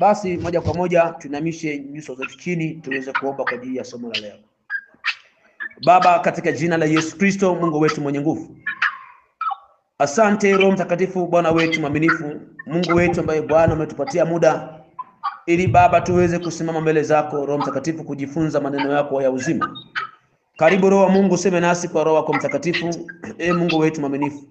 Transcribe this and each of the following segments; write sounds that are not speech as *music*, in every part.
Basi moja kwa moja tunamishe nyuso zetu chini tuweze kuomba kwa ajili ya somo la leo. Baba, katika jina la Yesu Kristo, Mungu wetu mwenye nguvu, asante Roho Mtakatifu, Bwana wetu mwaminifu, Mungu wetu ambaye Bwana umetupatia muda ili Baba tuweze kusimama mbele zako, Roho Mtakatifu, kujifunza maneno yako ya uzima. Karibu Roho wa Mungu, useme nasi kwa Roho wako Mtakatifu. *clears throat* E Mungu wetu mwaminifu,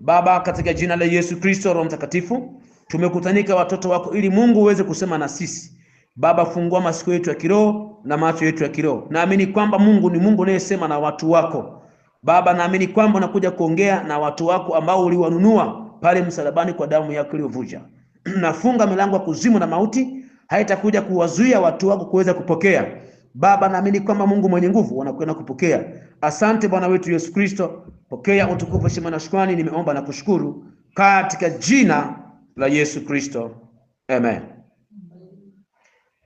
Baba, katika jina la Yesu Kristo, Roho Mtakatifu tumekutanika watoto wako ili Mungu uweze kusema na sisi. Baba, fungua masiko yetu ya kiroho na macho yetu ya kiroho. Naamini kwamba Mungu ni Mungu unayesema na watu wako. Baba, naamini kwamba unakuja kuongea na watu wako ambao uliwanunua pale msalabani kwa damu yako iliyovuja. *clears throat* Nafunga milango ya kuzimu na mauti, haitakuja kuwazuia watu wako kuweza kupokea. Baba, naamini kwamba Mungu mwenye nguvu wanakwenda kupokea. Asante Bwana wetu Yesu Kristo, pokea utukufu, shima na shukrani. Nimeomba na kushukuru katika jina la Yesu Kristo. Amen.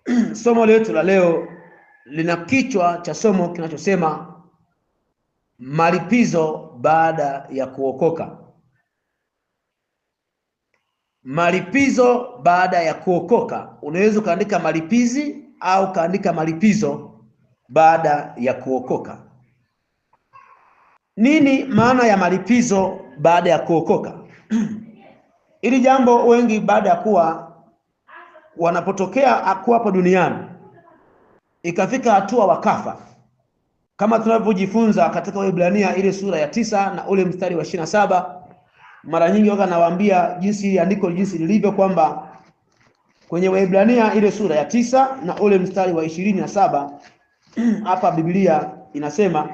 *clears throat* Somo letu la leo lina kichwa cha somo kinachosema malipizo baada ya kuokoka. Malipizo baada ya kuokoka. Unaweza ukaandika malipizi au ukaandika malipizo baada ya kuokoka. Nini maana ya malipizo baada ya kuokoka? *clears throat* Hili jambo wengi baada ya kuwa wanapotokea akuwa hapo duniani ikafika hatua wakafa, kama tunavyojifunza katika Waebrania ile sura ya tisa na ule mstari wa ishirini na saba mara nyingi waga nawaambia jinsi andiko jinsi lilivyo kwamba kwenye Waebrania ile sura ya tisa na ule mstari wa ishirini na saba *clears throat* hapa Biblia inasema,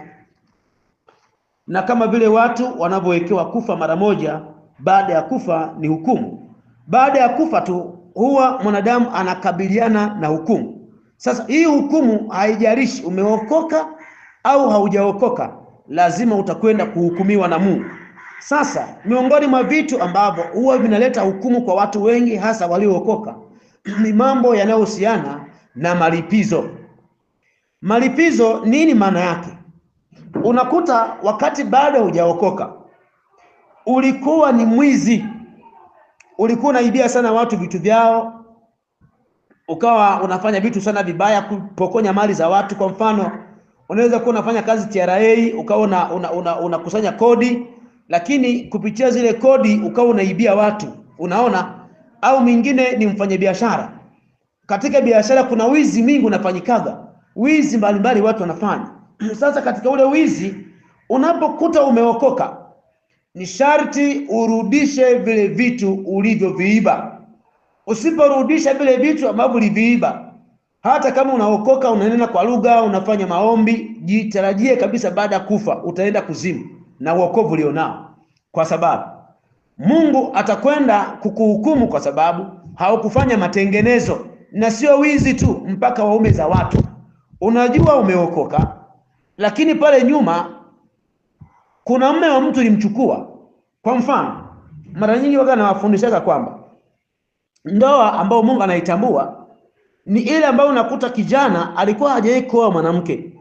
na kama vile watu wanavyowekewa kufa mara moja baada ya kufa ni hukumu. Baada ya kufa tu huwa mwanadamu anakabiliana na hukumu. Sasa hii hukumu haijalishi umeokoka au haujaokoka, lazima utakwenda kuhukumiwa na Mungu. Sasa miongoni mwa vitu ambavyo huwa vinaleta hukumu kwa watu wengi, hasa waliookoka, *clears throat* ni mambo yanayohusiana na malipizo. Malipizo, nini maana yake? Unakuta wakati bado hujaokoka ulikuwa ni mwizi, ulikuwa unaibia sana watu vitu vyao, ukawa unafanya vitu sana vibaya, kupokonya mali za watu. Kwa mfano, unaweza kuwa unafanya kazi TRA, ukawa unakusanya una, una, una kodi, lakini kupitia zile kodi ukawa unaibia watu, unaona. Au mwingine ni mfanyabiashara, katika biashara kuna wizi mingi unafanyikaga, wizi mbalimbali watu wanafanya. *clears throat* Sasa katika ule wizi unapokuta umeokoka ni sharti urudishe vile vitu ulivyoviiba. Usiporudisha vile vitu ambavyo uliviiba, hata kama unaokoka, unanena kwa lugha, unafanya maombi, jitarajie kabisa baada ya kufa utaenda kuzimu na uokovu ulionao, kwa sababu Mungu atakwenda kukuhukumu kwa sababu haukufanya matengenezo. Na sio wizi tu, mpaka waume za watu. Unajua umeokoka, lakini pale nyuma kuna mme wa mtu ulimchukua. Kwa mfano, mara nyingi waga nawafundishaga kwamba ndoa ambayo Mungu anaitambua ni ile ambayo unakuta kijana alikuwa hajawahi kuoa mwanamke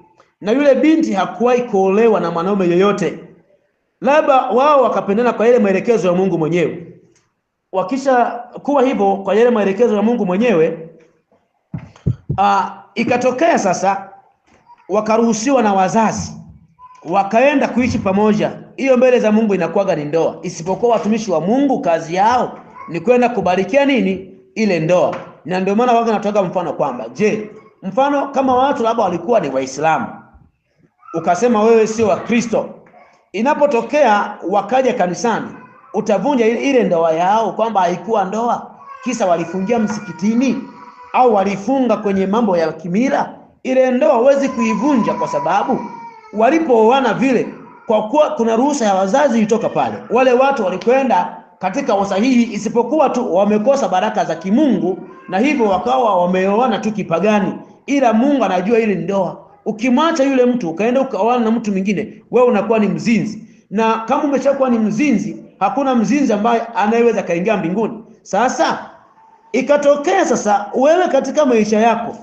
na yule binti hakuwahi kuolewa na mwanaume yeyote, labda wao wakapendana kwa ile maelekezo ya Mungu mwenyewe. Wakisha kuwa hivyo kwa yale maelekezo ya Mungu mwenyewe, ah, ikatokea sasa wakaruhusiwa na wazazi wakaenda kuishi pamoja, hiyo mbele za Mungu inakuwaga ni ndoa, isipokuwa watumishi wa Mungu kazi yao ni kwenda kubarikia nini ile ndoa. Na ndio maana waga natoka mfano kwamba, je, mfano kama watu labda walikuwa ni Waislamu ukasema wewe sio wa Kristo, inapotokea wakaja kanisani, utavunja ile ndoa yao kwamba haikuwa ndoa, kisa walifungia msikitini au walifunga kwenye mambo ya kimila. Ile ndoa huwezi kuivunja kwa sababu walipooana vile, kwa kuwa kuna ruhusa ya wazazi ilitoka pale, wale watu walikwenda katika usahihi, isipokuwa tu wamekosa baraka za kimungu, na hivyo wakawa wameoana tu kipagani, ila Mungu anajua ile ndoa. Ukimwacha yule mtu ukaenda ukaoana na mtu mwingine, wewe unakuwa ni mzinzi, na kama umeshakuwa ni mzinzi, hakuna mzinzi ambaye anayeweza kaingia mbinguni. Sasa ikatokea sasa, wewe katika maisha yako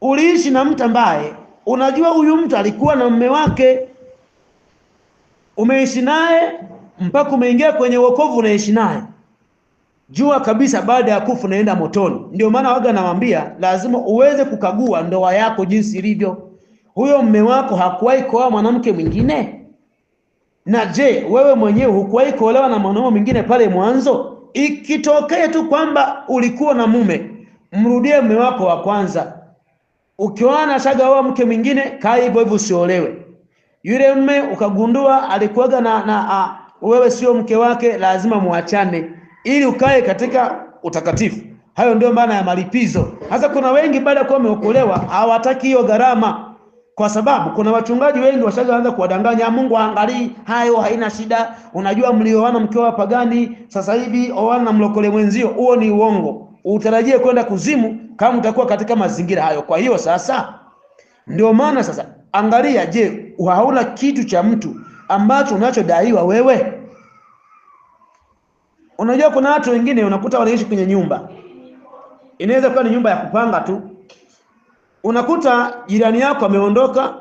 uliishi na mtu ambaye unajua huyu mtu alikuwa na mume wake, umeishi naye mpaka umeingia kwenye wokovu, unaishi naye, jua kabisa baada ya kufa unaenda motoni. Ndio maana waga nawaambia lazima uweze kukagua ndoa yako jinsi ilivyo. Huyo mme wako hakuwahi kuoa mwanamke mwingine? Na je, wewe mwenyewe hukuwahi kuolewa na mwanaume mwingine pale mwanzo? Ikitokea tu kwamba ulikuwa na mume, mrudie mme wako wa kwanza Ukioana ashagaoa mke mwingine, kaa hivyo hivyo, usiolewe. Yule mme ukagundua alikuwaga na, na a, wewe sio mke wake, lazima muachane ili ukae katika utakatifu. Hayo ndio maana ya malipizo. hasa kuna wengi baada ya kuwa wameokolewa hawataki hiyo gharama, kwa sababu kuna wachungaji wengi washaanza kuwadanganya, ah, Mungu aangalii hayo, haina shida. Unajua mlioana mkiwa pagani sasa hivi oana mlokole mwenzio, huo ni uongo utarajie kwenda kuzimu kama utakuwa katika mazingira hayo. Kwa hiyo sasa, ndio maana sasa, angalia, je, hauna kitu cha mtu ambacho unachodaiwa wewe? Unajua, kuna watu wengine unakuta wanaishi kwenye nyumba, inaweza kuwa ni nyumba ya kupanga tu. Unakuta jirani yako ameondoka,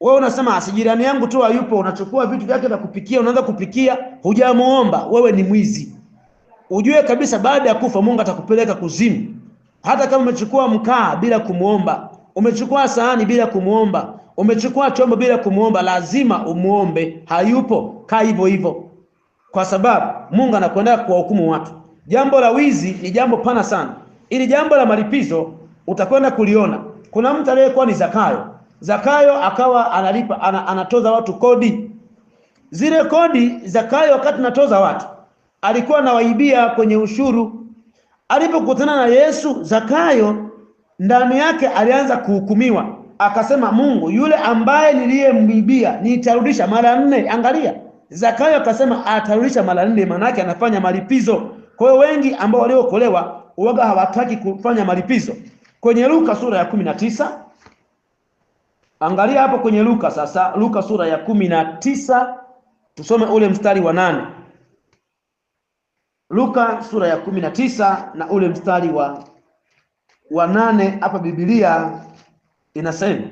wewe unasema asi ah, jirani yangu tu hayupo, unachukua vitu vyake vya kupikia, unaanza kupikia, hujamuomba. Wewe ni mwizi ujue kabisa baada ya kufa Mungu atakupeleka kuzimu. Hata kama umechukua mkaa bila kumuomba, umechukua sahani bila kumuomba, umechukua chombo bila kumuomba, lazima umuombe. Hayupo, kaa hivyo hivyo, kwa sababu Mungu anakwenda kuwahukumu watu. Jambo la wizi ni jambo pana sana, ili jambo la malipizo utakwenda kuliona. Kuna mtu aliyekuwa ni Zakayo. Zakayo akawa analipa anatoza watu kodi, zile kodi Zakayo wakati natoza watu alikuwa anawaibia kwenye ushuru. Alipokutana na Yesu, Zakayo ndani yake alianza kuhukumiwa, akasema, Mungu yule ambaye niliyemwibia nitarudisha mara nne. Angalia, Zakayo akasema atarudisha mara nne, maana yake anafanya malipizo. Kwa hiyo wengi ambao waliokolewa uoga hawataki kufanya malipizo. Kwenye Luka sura ya kumi na tisa angalia hapo kwenye Luka sasa, Luka sura ya kumi na tisa tusome ule mstari wa nane. Luka sura ya kumi na tisa na ule mstari wa wa nane hapa Biblia inasema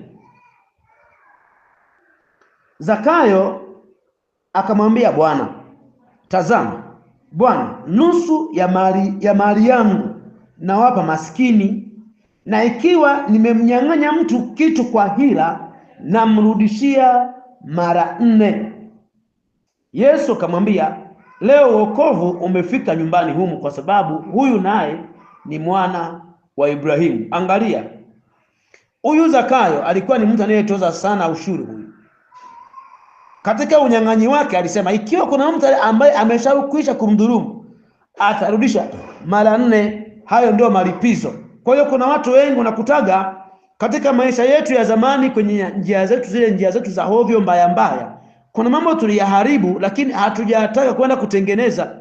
Zakayo akamwambia Bwana, tazama Bwana, nusu ya mali ya mali yangu nawapa maskini, na ikiwa nimemnyang'anya mtu kitu kwa hila, namrudishia mara nne. Yesu akamwambia Leo wokovu umefika nyumbani humu, kwa sababu huyu naye ni mwana wa Ibrahimu. Angalia, huyu Zakayo alikuwa ni mtu anayetoza sana ushuru. Huyu katika unyang'anyi wake alisema, ikiwa kuna mtu ambaye ameshakwisha kumdhulumu atarudisha mara nne. Hayo ndio malipizo. Kwa hiyo kuna watu wengi unakutaga katika maisha yetu ya zamani, kwenye njia zetu, zile njia zetu za hovyo mbaya mbaya kuna mambo tuliyaharibu, lakini hatujataka kwenda kutengeneza,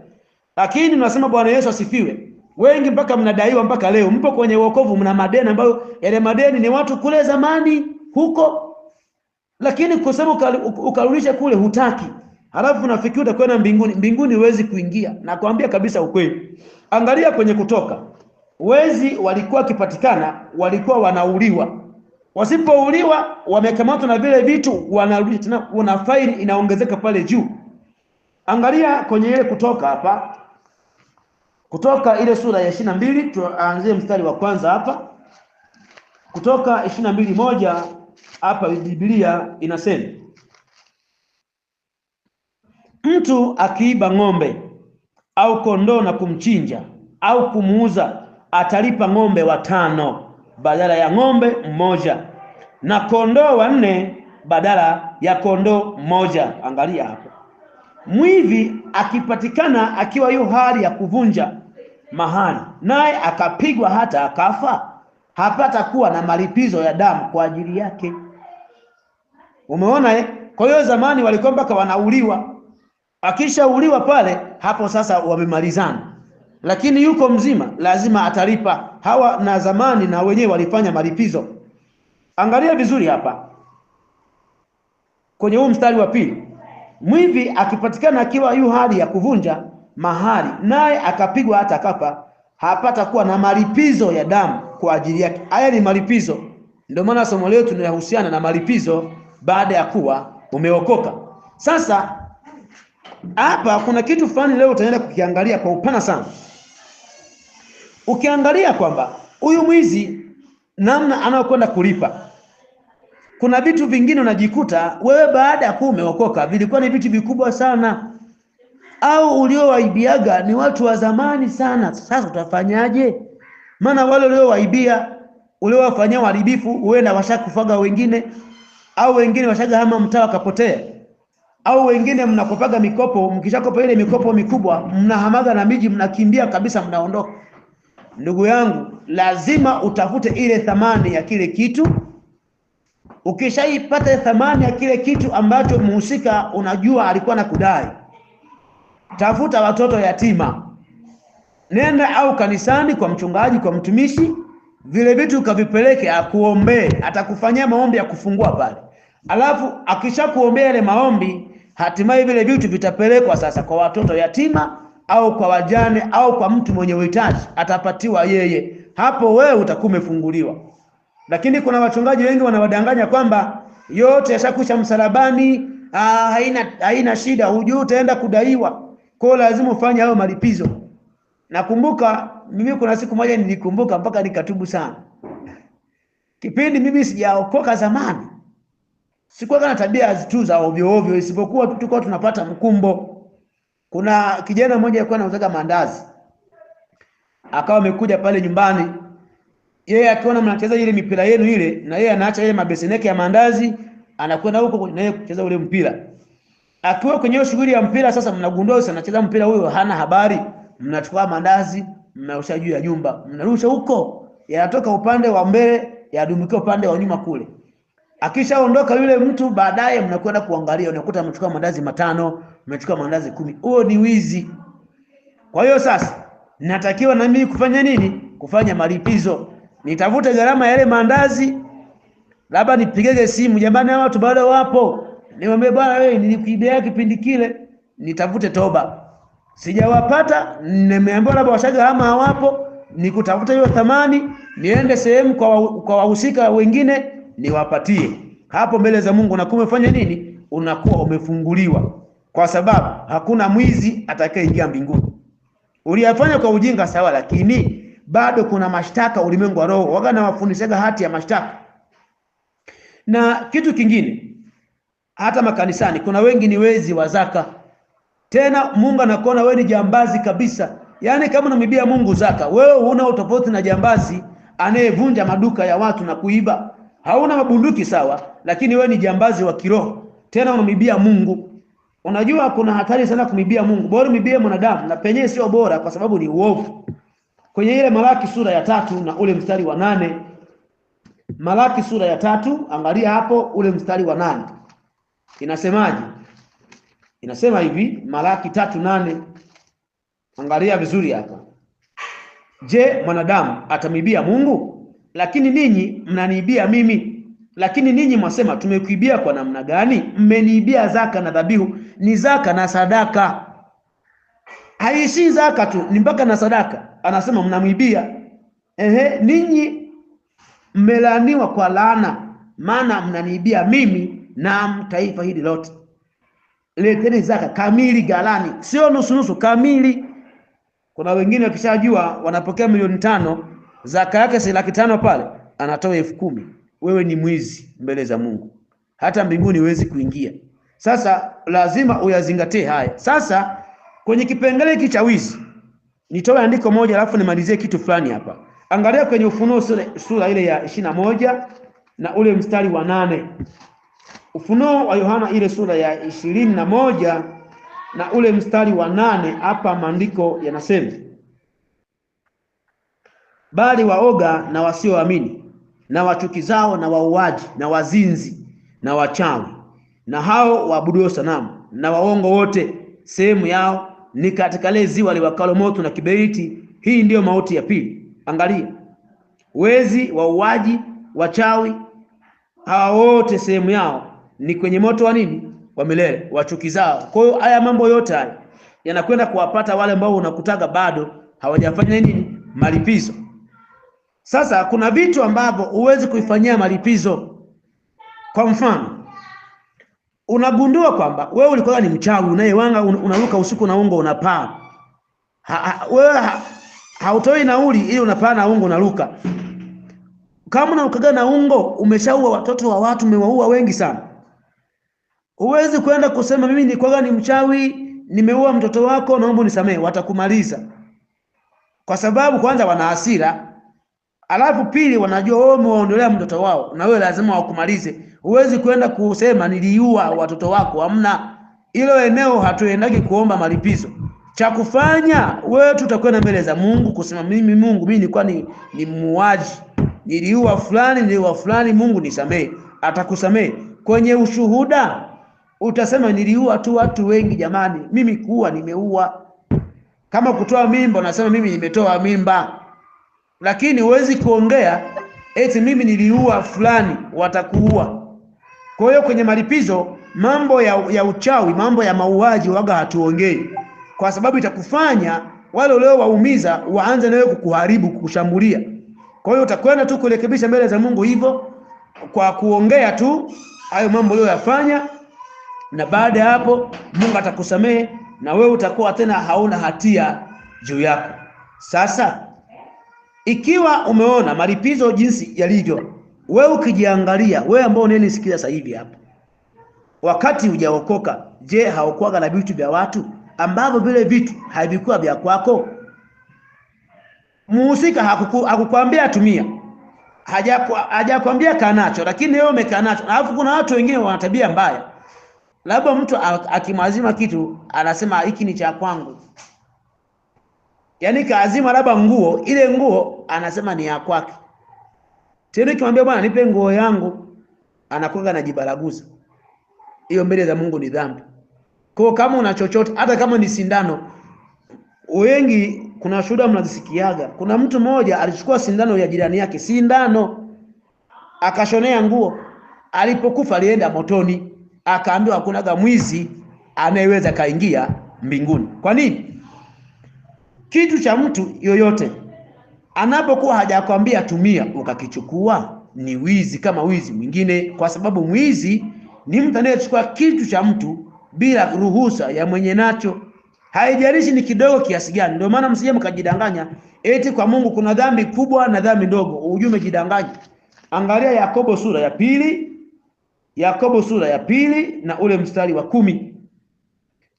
lakini tunasema Bwana Yesu asifiwe. Wengi mpaka mnadaiwa mpaka leo, mpo kwenye wokovu, mna madeni ambayo yale madeni ni watu kule zamani huko, lakini kusema ukarudisha kule hutaki, halafu unafikiri utakwenda mbinguni. Mbinguni huwezi kuingia, nakwambia kabisa ukweli. Angalia kwenye Kutoka, wezi walikuwa wakipatikana, walikuwa wanauliwa wasipouliwa wamekamatwa na vile vitu, wanarudi tena, kuna faili inaongezeka pale juu. Angalia kwenye ile Kutoka hapa, Kutoka ile sura ya ishirini na mbili tuanzie mstari wa kwanza hapa, Kutoka ishirini na mbili moja hapa Biblia inasema mtu akiiba ng'ombe au kondoo na kumchinja au kumuuza atalipa ng'ombe watano badala ya ng'ombe mmoja na kondoo wanne badala ya kondoo mmoja. Angalia hapo, mwivi akipatikana akiwa yu hali ya kuvunja mahali, naye akapigwa hata akafa, hapata kuwa na malipizo ya damu kwa ajili yake. Umeona eh? Kwa hiyo zamani walikuwa mpaka wanauliwa, akishauliwa pale hapo sasa wamemalizana, lakini yuko mzima lazima atalipa. Hawa na zamani na wenyewe walifanya malipizo Angalia vizuri hapa kwenye huu mstari wa pili, mwivi akipatikana akiwa yu hali ya kuvunja mahali naye akapigwa hata kapa hapata kuwa na malipizo ya damu kwa ajili yake. Haya ni malipizo, ndio maana somo letu linahusiana na malipizo baada ya kuwa umeokoka. Sasa hapa kuna kitu fulani leo utaenda kukiangalia kwa upana sana, ukiangalia kwamba huyu mwizi namna anayokwenda kulipa kuna vitu vingine unajikuta wewe baada ya kuwa umeokoka vilikuwa ni vitu vikubwa sana, au uliowaibiaga ni watu wa zamani sana. Sasa utafanyaje? Maana wale uliowaibia, uliowafanyia uharibifu, huenda washakufaga wengine, au wengine washaga hama mtaa wakapotea, au wengine mnakopaga mikopo, mkishakopa ile mikopo mikubwa mnahamaga na miji, mnakimbia kabisa, mnaondoka. Ndugu yangu, lazima utafute ile thamani ya kile kitu ukishaipata thamani ya kile kitu ambacho mhusika unajua alikuwa na kudai, tafuta watoto yatima, nenda au kanisani kwa mchungaji, kwa mtumishi, vile vitu ukavipeleke akuombee, atakufanyia maombi ya kufungua pale, alafu akishakuombea yale maombi, hatimaye vile vitu vitapelekwa sasa kwa watoto yatima au kwa wajane au kwa mtu mwenye uhitaji, atapatiwa yeye. Hapo wewe utakuwa umefunguliwa. Lakini kuna wachungaji wengi wanawadanganya kwamba yote yashakwisha msalabani, ah, haina haina shida, hujui utaenda kudaiwa, kwao lazima ufanye hayo malipizo. Nakumbuka mimi kuna siku moja nilikumbuka mpaka nikatubu sana. Kipindi mimi sijaokoka zamani, sikuwa na tabia tu za ovyo ovyo, isipokuwa tuko tunapata mkumbo. Kuna kijana mmoja alikuwa anauzaga mandazi, akawa amekuja pale nyumbani yeye akiona mnacheza ile mipira yenu ile, na yeye anaacha ile mabeseneke ya mandazi, anakwenda huko na yeye kucheza ule mpira. Akiwa kwenye hiyo shughuli ya mpira, sasa mnagundua sasa anacheza mpira huyo, hana habari, mnachukua mandazi, mnarusha juu ya nyumba, mnarusha huko, yanatoka upande wa mbele, yadumikia upande wa nyuma kule. Akishaondoka yule mtu, baadaye mnakwenda kuangalia, unakuta amechukua mandazi matano, amechukua mandazi kumi. Huo ni wizi. Kwa hiyo sasa natakiwa na mimi kufanya nini? Kufanya malipizo nitafute gharama ya yale maandazi, labda nipigege simu, jamani, hao watu bado wapo, niwaambie bwana, wewe nilikuibia kipindi kile, nitafute toba, sijawapata, nimeambiwa labda washaga hama hawapo, nikutafuta hiyo thamani, niende sehemu kwa kwa wahusika wengine niwapatie hapo mbele za Mungu. Nakuwa umefanya nini? Unakuwa umefunguliwa, kwa sababu hakuna mwizi atakayeingia mbinguni. Uliyafanya kwa ujinga sawa, lakini bado kuna mashtaka ulimwengu wa roho, waga na wafundishaga hati ya mashtaka. Na kitu kingine, hata makanisani kuna wengi ni wezi wa zaka, tena Mungu anakuona wewe ni jambazi kabisa. Yaani kama unamibia Mungu zaka, wewe huna utofauti na jambazi anayevunja maduka ya watu na kuiba. Hauna mabunduki sawa, lakini wewe ni jambazi wa kiroho, tena unamibia Mungu. Unajua kuna hatari sana kumibia Mungu, bora mibie mwanadamu, na penyewe sio bora, kwa sababu ni uovu kwenye ile Malaki sura ya tatu na ule mstari wa nane Malaki sura ya tatu angalia hapo ule mstari wa nane inasemaje? Inasema hivi Malaki tatu nane angalia vizuri hapa. Je, mwanadamu atamibia Mungu? Lakini ninyi mnaniibia mimi. Lakini ninyi mwasema, tumekuibia kwa namna gani? Mmeniibia zaka na dhabihu, ni zaka na sadaka. Haishi zaka tu, ni mpaka na sadaka anasema mnamwibia. Ehe, ninyi mmelaaniwa kwa laana, maana mnaniibia mimi na taifa hili lote. Leteni zaka kamili galani, sio nusu nusu, kamili. Kuna wengine wakishajua wanapokea milioni tano, zaka yake si laki tano pale, anatoa elfu kumi. Wewe ni mwizi mbele za Mungu, hata mbinguni huwezi kuingia. Sasa lazima uyazingatie haya. Sasa kwenye kipengele hiki cha wizi nitoe andiko moja alafu nimalizie kitu fulani hapa. Angalia kwenye Ufunuo sura ile ya ishirini na moja na ule mstari wa nane Ufunuo wa Yohana ile sura ya ishirini na moja na ule mstari wa nane Hapa maandiko yanasema, bali waoga na wasioamini na wachukizao na wauaji na wazinzi na wachawi na hao waabudu sanamu na waongo wote, sehemu yao ni katika lile ziwa liwakalo moto na kiberiti. Hii ndiyo mauti ya pili. Angalia, wezi, wauaji, wachawi, hawa wote sehemu yao ni kwenye moto wa nini? Wa milele, wa chuki zao. Kwa hiyo haya mambo yote haya yanakwenda kuwapata wale ambao unakutaga bado hawajafanya nini? Malipizo. Sasa kuna vitu ambavyo huwezi kuifanyia malipizo, kwa mfano unagundua kwamba wewe ulikuwa ni mchawi unayewanga, unaruka usiku na ungo unapaa. wewe ha, hautoi nauli ili unapaa na ungo unaruka. Kama unarukaga na ungo, umeshaua watoto wa watu, umewaua wengi sana. Huwezi kwenda kusema mimi nilikuwa ni mchawi, nimeua mtoto wako, naomba unisamehe. Watakumaliza kwa sababu kwanza wana hasira alafu pili, wanajua wewe umewaondolea mtoto wao na wewe lazima wakumalize. Huwezi kwenda kusema niliua watoto wako, hamna. Hilo eneo hatuendaki kuomba malipizo. Cha kufanya wewe, tutakwenda mbele za Mungu kusema mimi, Mungu, mimi nilikuwa ni, ni muuaji, niliua fulani, niliua fulani, Mungu nisamee. Atakusamee kwenye ushuhuda utasema niliua tu watu wengi. Jamani, mimi kuua nimeua. Kama kutoa mimba, unasema mimi nimetoa mimba lakini huwezi kuongea eti mimi niliua fulani, watakuua. Kwa hiyo kwenye malipizo, mambo ya, ya uchawi, mambo ya mauaji waga hatuongei, kwa sababu itakufanya wale waumiza waanze nawe kukuharibu, kukushambulia. Kwa hiyo utakwenda tu kurekebisha mbele za Mungu hivyo kwa kuongea tu hayo mambo uliyoyafanya, na baada ya hapo Mungu atakusamehe na wewe utakuwa tena hauna hatia juu yako. Sasa ikiwa umeona malipizo jinsi yalivyo, wewe ukijiangalia, wewe ambao unanisikia sasa hivi hapa, wakati hujaokoka, je, haukwaga na vitu vya watu ambavyo vile vitu havikuwa vya kwako? Muhusika hakukwambia tumia hajakwambia kaa nacho, lakini wewe umekaa nacho. Alafu kuna watu wengine wana tabia mbaya, labda mtu akimwazima kitu anasema hiki ni cha kwangu Yaani kaazima labda nguo, ile nguo anasema ni ya kwake. Tena kimwambia bwana, nipe nguo yangu, anakwenda anajibaraguza. Hiyo mbele za Mungu ni dhambi. Kwa kama una chochote, hata kama ni sindano, wengi kuna shuhuda mnazisikiaga. Kuna mtu mmoja alichukua sindano ya jirani yake, sindano akashonea nguo. Alipokufa alienda motoni, akaambiwa hakuna mwizi anayeweza kaingia mbinguni. Kwa nini? kitu cha mtu yoyote anapokuwa hajakwambia tumia ukakichukua ni wizi kama wizi mwingine, kwa sababu mwizi ni mtu anayechukua kitu cha mtu bila ruhusa ya mwenye nacho, haijalishi ni kidogo kiasi gani. Ndio maana msije mkajidanganya eti kwa Mungu kuna dhambi kubwa na dhambi ndogo, Ujume jidanganya Angalia Yakobo sura ya pili, Yakobo sura ya pili na ule mstari wa kumi,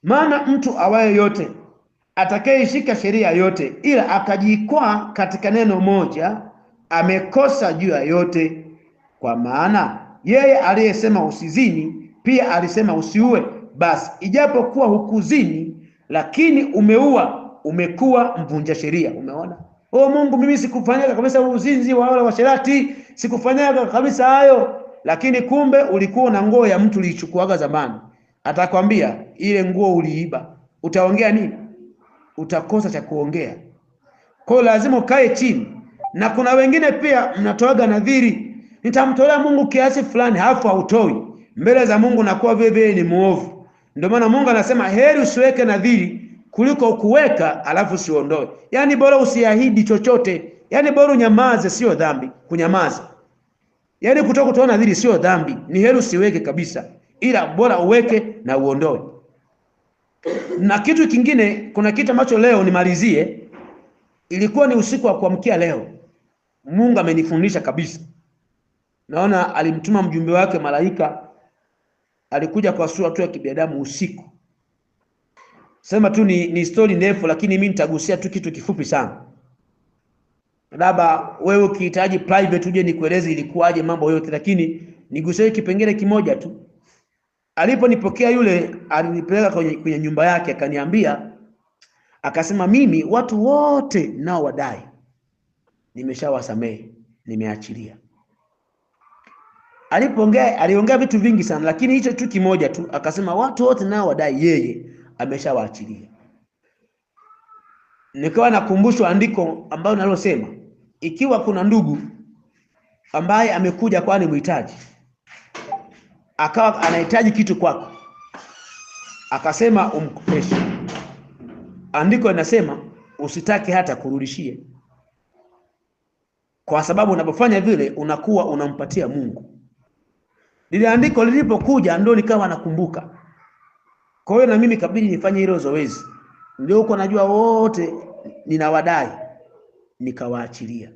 maana mtu awaye yote atakayeshika sheria yote ila akajikwaa katika neno moja, amekosa juu ya yote. Kwa maana yeye aliyesema usizini, pia alisema usiue. Basi ijapokuwa hukuzini, lakini umeua, umekuwa mvunja sheria. Umeona? O Mungu, mimi sikufanyaga kabisa uzinzi wa wale washerati, sikufanyaga kabisa hayo, lakini kumbe ulikuwa na nguo ya mtu uliichukuaga zamani. Atakwambia ile nguo uliiba, utaongea nini? utakosa cha kuongea. Kwa hiyo lazima ukae chini, na kuna wengine pia mnatoaga nadhiri, nitamtolea Mungu kiasi fulani, halafu hautoi mbele za Mungu, nakuwa vile vile ni muovu. Ndio maana Mungu anasema heri usiweke nadhiri kuliko kuweka alafu usiondoe. Yaani bora usiahidi chochote, yaani bora unyamaze, sio dhambi kunyamaza. Yaani kutoka kutoa nadhiri sio dhambi, ni heri usiweke kabisa, ila bora uweke na uondoe. Na kitu kingine, kuna kitu ambacho leo nimalizie, ilikuwa ni usiku wa kuamkia leo. Mungu amenifundisha kabisa. Naona alimtuma mjumbe wake malaika, alikuja kwa sura tu ya kibinadamu usiku. Sema tu ni, ni stori ndefu, lakini mimi nitagusia tu kitu kifupi sana. Labda wewe ukihitaji private uje nikueleze ilikuwaje mambo yote, lakini nigusie kipengele kimoja tu. Aliponipokea yule alinipeleka kwenye, kwenye nyumba yake, akaniambia akasema, mimi watu wote nao wadai nimeshawasamehe, nimeachilia. Alipoongea aliongea vitu vingi sana, lakini hicho tu kimoja tu, akasema watu wote nao wadai, yeye ameshawaachilia. Nikawa nakumbushwa andiko ambayo nalosema, ikiwa kuna ndugu ambaye amekuja kwani muhitaji akawa anahitaji kitu kwako, akasema umkopeshe. Andiko linasema usitake hata kurudishie kwa sababu unapofanya vile unakuwa unampatia Mungu. Lile andiko lilipokuja ndio nikawa nakumbuka. Kwa hiyo na mimi kabidi nifanye hilo zoezi, ndio huko najua wote ninawadai, nikawaachilia.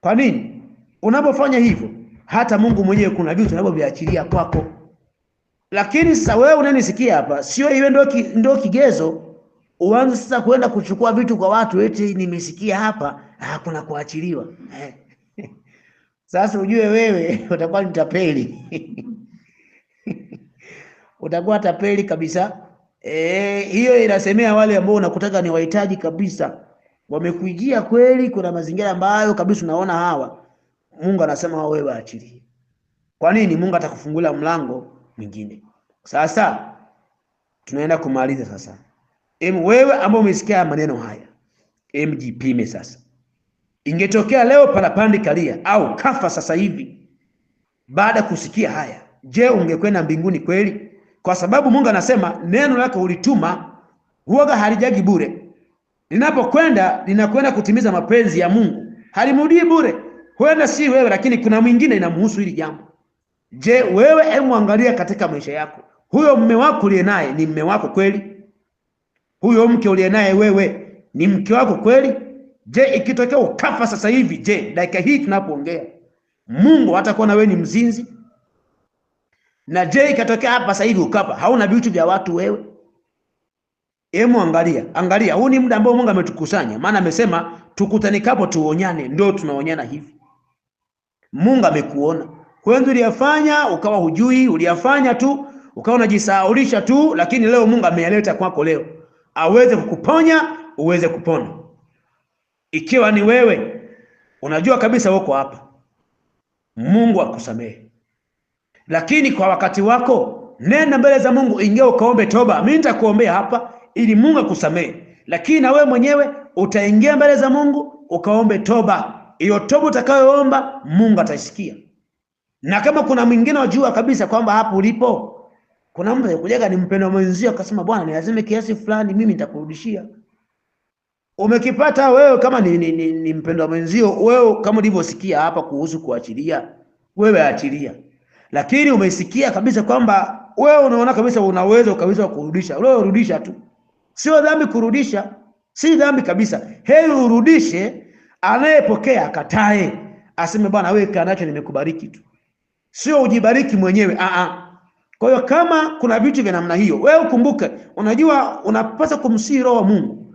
Kwa nini? Unapofanya hivyo hata Mungu mwenyewe kuna vitu anavyoviachilia kwako. Lakini sasa wewe unanisikia hapa, sio iwe ndo, ki, ndo kigezo uanze sasa kwenda kuchukua vitu kwa watu eti nimesikia hapa ah, kuna kuachiliwa eh. *laughs* sasa ujue wewe *laughs* utakuwa ni tapeli *laughs* utakuwa tapeli kabisa. E, hiyo inasemea wale ambao unakutaka ni wahitaji kabisa, wamekuijia kweli. Kuna mazingira ambayo kabisa unaona hawa Mungu anasema wewe waachilie. Kwa nini? Mungu atakufungulia mlango mwingine. Sasa tunaenda kumaliza sasa. Em, wewe ambao umesikia maneno haya, em, jipime sasa. Ingetokea leo parapanda kalia au kafa sasa hivi baada kusikia haya, je, ungekwenda mbinguni kweli? Kwa sababu Mungu anasema neno lako ulituma huaga halijagi bure. Linapokwenda linakwenda kutimiza mapenzi ya Mungu, halimudii bure huenda si wewe, lakini kuna mwingine inamhusu hili jambo. Je, wewe hebu angalia katika maisha yako, huyo mme wako uliye naye ni mme wako kweli? Huyo mke uliye naye wewe ni mke wako kweli? Je, ikitokea ukafa sasa hivi, je, dakika hii tunapoongea, Mungu hatakuwa na wewe ni mzinzi? Na je, ikatokea hapa sasa hivi ukafa, hauna vitu vya watu wewe? Hebu angalia, angalia, huu ni muda ambao Mungu ametukusanya, maana amesema tukutanikapo tuonyane, ndio tunaonyana hivi. Mungu amekuona. Kwa hiyo uliyafanya ukawa hujui, uliyafanya tu ukawa unajisahaulisha tu, lakini leo Mungu ameyaleta kwako leo aweze kukuponya uweze kupona. Ikiwa ni wewe unajua kabisa uko hapa, Mungu akusamehe, lakini kwa wakati wako nenda mbele za Mungu, ingia ukaombe toba. Mimi nitakuombea hapa ili Mungu akusamehe, lakini na wewe mwenyewe utaingia mbele za Mungu ukaombe toba hiyo toba utakayoomba Mungu ataisikia. Na kama kuna mwingine wajua kabisa kwamba hapo ulipo kuna mtu alikujaga ni mpendwa mwenzio akasema, bwana, ni lazima kiasi fulani, mimi nitakurudishia. Umekipata wewe kama ni, ni, ni, ni mpendwa mwenzio wewe, kama ulivyosikia hapa kuhusu kuachilia, wewe achilia, lakini umesikia kabisa kwamba wewe unaona kabisa unaweza ukaweza kurudisha, wewe urudisha tu. Sio dhambi kurudisha, si dhambi kabisa. Heri urudishe Anayepokea akatae, aseme bwana, wewe kaa nacho, nimekubariki tu, sio ujibariki mwenyewe. Aa, ah, ah. kwa hiyo kama kuna vitu vya namna hiyo, wewe ukumbuke, unajua unapasa kumsihi Roho wa Mungu,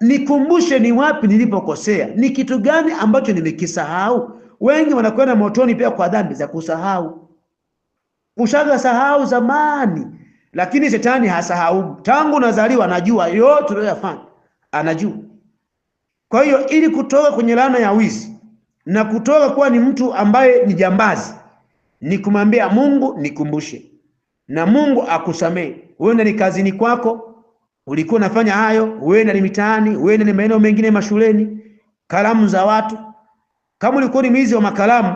nikumbushe ni wapi nilipokosea, ni kitu gani ambacho nimekisahau. Wengi wanakwenda motoni pia kwa dhambi za kusahau. Ushaga sahau zamani, lakini shetani hasahau. Tangu nazaliwa anajua yote unayoyafanya, anajua kwa hiyo ili kutoka kwenye laana ya wizi na kutoka kuwa ni mtu ambaye ni jambazi, ni kumwambia Mungu nikumbushe, na Mungu akusamehe. Huenda ni kazini kwako ulikuwa unafanya hayo, huenda ni mitaani, huenda ni maeneo mengine, mashuleni, kalamu za watu. Kama ulikuwa ni mwizi wa makalamu,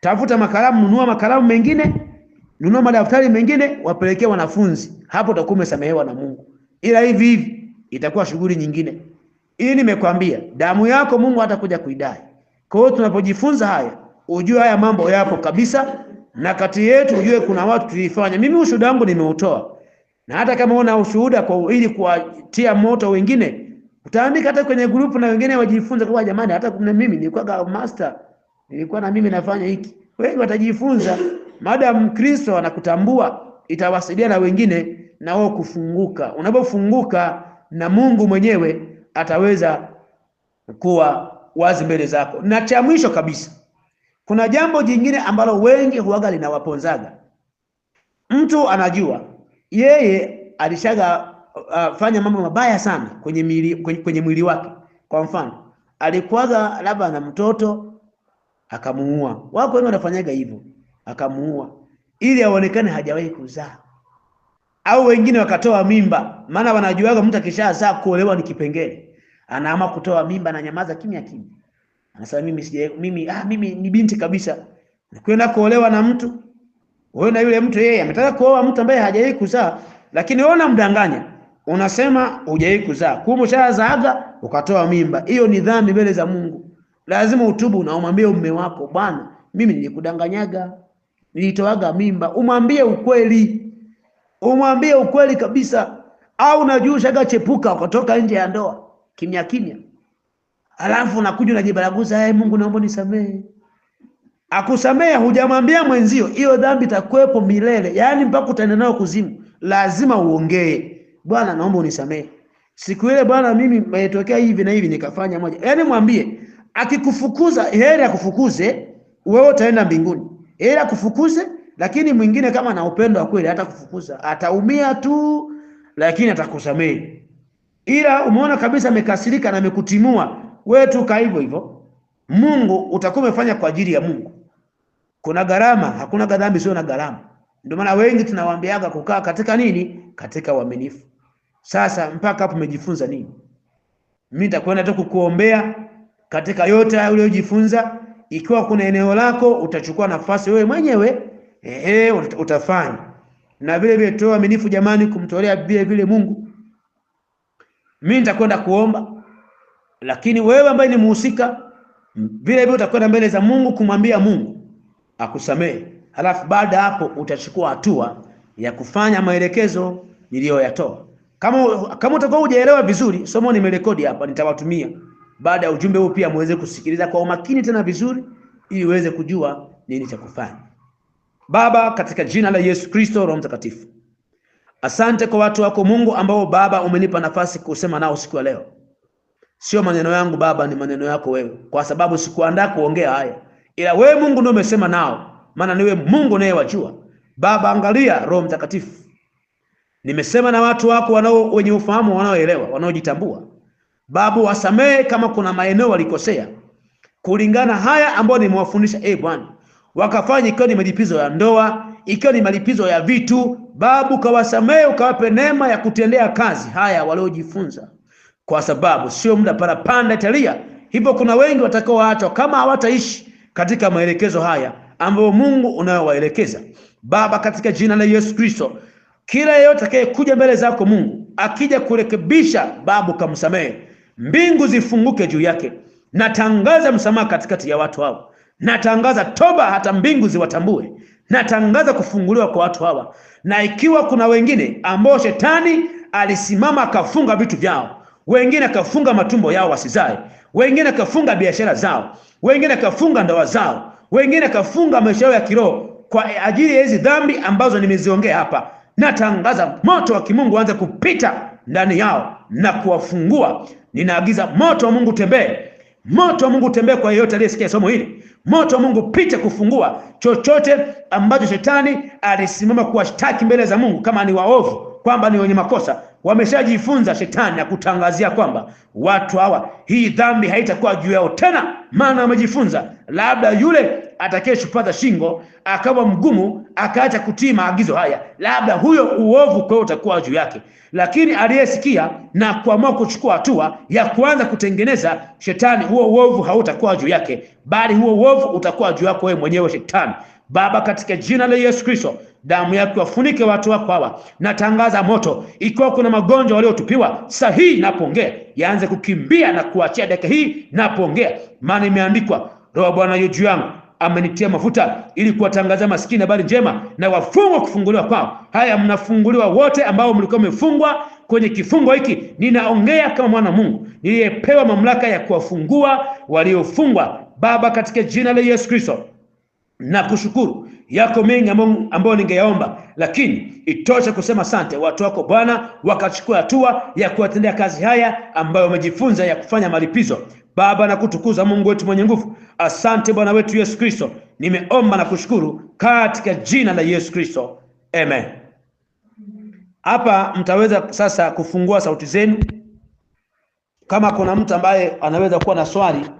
tafuta makalamu, nunua makalamu mengine, nunua madaftari mengine, wapelekee wanafunzi. Hapo utakuwa umesamehewa na Mungu, ila hivi hivi itakuwa shughuli nyingine. Hii nimekwambia, damu yako Mungu hatakuja kuidai. Kwa hiyo tunapojifunza haya, ujue haya mambo yapo kabisa, na kati yetu ujue kuna watu tulifanya. Mimi ushuhuda wangu nimeutoa, na hata kama una ushuhuda kwa ili kuwatia moto wengine, utaandika hata kwenye grupu na wengine wajifunze, kwa jamani, hata kuna mimi nilikuwa master, nilikuwa na mimi nafanya hiki. Wengi watajifunza, madam Kristo anakutambua, itawasaidia na wengine na wao kufunguka. Unapofunguka na Mungu mwenyewe ataweza kuwa wazi mbele zako. Na cha mwisho kabisa, kuna jambo jingine ambalo wengi huaga linawaponzaga. Mtu anajua yeye alishaga uh, fanya mambo mabaya sana kwenye mwili, kwenye, kwenye mwili wake. Kwa mfano alikuwaga labda na mtoto akamuua. Wako wengi wanafanyaga hivyo, akamuua ili aonekane hajawahi kuzaa au wengine wakatoa mimba, maana wanajuaga mtu akishazaa kuolewa ni kipengele, anaama kutoa mimba na nyamaza kimya kimya, anasema mimi sije, mimi, ah, mimi ni binti kabisa, nakwenda kuolewa na mtu wewe, na yule mtu yeye ametaka kuoa mtu ambaye hajawahi kuzaa, lakini wewe unamdanganya, unasema hujawahi kuzaa, kumbe ushazaaga ukatoa mimba. Hiyo ni dhambi mbele za Mungu, lazima utubu na umwambie mume wako, bwana, mimi nilikudanganyaga, nilitoaga mimba. Umwambie ukweli umwambie ukweli kabisa, au najuushaga chepuka, ukatoka nje ya ndoa kimya kimya, alafu unakuja unajibaraguza, hey, Mungu naomba nisamehe. Akusamehe hujamwambia mwenzio, hiyo dhambi itakuwepo milele, yaani mpaka utaenda nayo kuzimu. Lazima uongee, Bwana naomba unisamehe, siku ile bwana, mimi imetokea hivi na hivi nikafanya moja. Yaani mwambie, akikufukuza heri akufukuze, wewe utaenda mbinguni, heri akufukuze lakini mwingine kama ana upendo wa kweli, hata kufukuza ataumia tu, lakini atakusamehe. Ila umeona kabisa amekasirika na amekutimua wewe, tu, tuka hivyo hivyo, Mungu utakuwa umefanya kwa ajili ya Mungu. Kuna gharama, hakuna dhambi sio na gharama. Ndio maana wengi tunawaambiaga kukaa katika nini, katika uaminifu. Sasa mpaka hapo umejifunza nini? Mimi nitakwenda tu kukuombea katika yote hayo uliyojifunza. Ikiwa kuna eneo lako utachukua nafasi wewe mwenyewe eh, eh utafanya na vile vile toa aminifu, jamani, kumtolea vile vile Mungu. Mimi nitakwenda kuomba, lakini wewe ambaye ni muhusika vile vile utakwenda mbele za Mungu kumwambia Mungu akusamehe, halafu baada hapo utachukua hatua ya kufanya maelekezo niliyoyatoa. Kama kama utakuwa hujaelewa vizuri, somo nimerekodi hapa, nitawatumia baada ya ujumbe huu, pia muweze kusikiliza kwa umakini tena vizuri, ili uweze kujua nini cha kufanya. Baba, katika jina la Yesu Kristo, Roho Mtakatifu, asante kwa watu wako Mungu ambao Baba umenipa nafasi kusema nao siku ya leo. Sio maneno yangu Baba, ni maneno yako wewe, kwa sababu sikuandaa kuongea haya, ila wewe Mungu ndio umesema nao, maana niwe Mungu naye wajua. Baba, angalia Roho Mtakatifu, nimesema na watu wako wanao wenye ufahamu, wanaoelewa, wanaojitambua. babu wasamehe kama kuna maeneo walikosea kulingana haya ambayo nimewafundisha. E Bwana, wakafanya ikiwa ni malipizo ya ndoa, ikiwa ni malipizo ya vitu. Babu, kawasamehe ukawape neema ya kutendea kazi haya waliojifunza, kwa sababu sio muda parapanda italia. Hivyo kuna wengi watakaoachwa kama hawataishi katika maelekezo haya ambayo Mungu unayowaelekeza. Baba, katika jina la Yesu Kristo, kila yeyote atakayekuja mbele zako Mungu akija kurekebisha, Babu kamsamehe, mbingu zifunguke juu yake, natangaza msamaha katikati ya watu hao Natangaza toba hata mbingu ziwatambue. Natangaza kufunguliwa kwa watu hawa, na ikiwa kuna wengine ambao shetani alisimama akafunga vitu vyao, wengine akafunga matumbo yao wasizae, wengine akafunga biashara zao, wengine akafunga ndoa zao, wengine akafunga maisha yao ya kiroho kwa ajili ya hizi dhambi ambazo nimeziongea hapa, natangaza moto wa kimungu aanze kupita ndani yao na kuwafungua. Ninaagiza moto wa Mungu tembee, moto wa Mungu tembee kwa yeyote aliyesikia somo hili Moto wa Mungu pita kufungua chochote ambacho shetani alisimama kuwashtaki mbele za Mungu kama ni waovu, kwamba ni wenye makosa wameshajifunza shetani akutangazia kwamba watu hawa hii dhambi haitakuwa juu yao tena, maana wamejifunza. Labda yule atakayeshupaza shingo akawa mgumu akaacha kutii maagizo haya, labda huyo uovu kwao utakuwa juu yake. Lakini aliyesikia na kuamua kuchukua hatua ya kuanza kutengeneza shetani, huo uovu hautakuwa juu yake, bali huo uovu utakuwa juu yako wewe mwenyewe shetani. Baba, katika jina la Yesu Kristo, damu yako wafunike watu wako hawa. Natangaza moto, ikiwa kuna magonjwa waliotupiwa sahihi, napongea yaanze kukimbia na kuachia dakika hii, napongea maana imeandikwa, roho Bwana yu juu yangu amenitia mafuta ili kuwatangazia maskini habari njema na wafungwa kufunguliwa kwao. Haya, mnafunguliwa wote ambao mlikuwa mmefungwa kwenye kifungo hiki. Ninaongea kama mwana Mungu niliyepewa mamlaka ya kuwafungua waliofungwa. Baba, katika jina la Yesu Kristo na kushukuru. Yako mengi ambayo ningeyaomba, lakini itosha kusema sante watu wako Bwana, wakachukua hatua ya kuwatendea kazi haya ambayo wamejifunza ya kufanya malipizo. Baba na kutukuza Mungu wetu mwenye nguvu, asante Bwana wetu Yesu Kristo, nimeomba na kushukuru katika jina la Yesu Kristo, amen. Hapa mtaweza sasa kufungua sauti zenu, kama kuna mtu ambaye anaweza kuwa na swali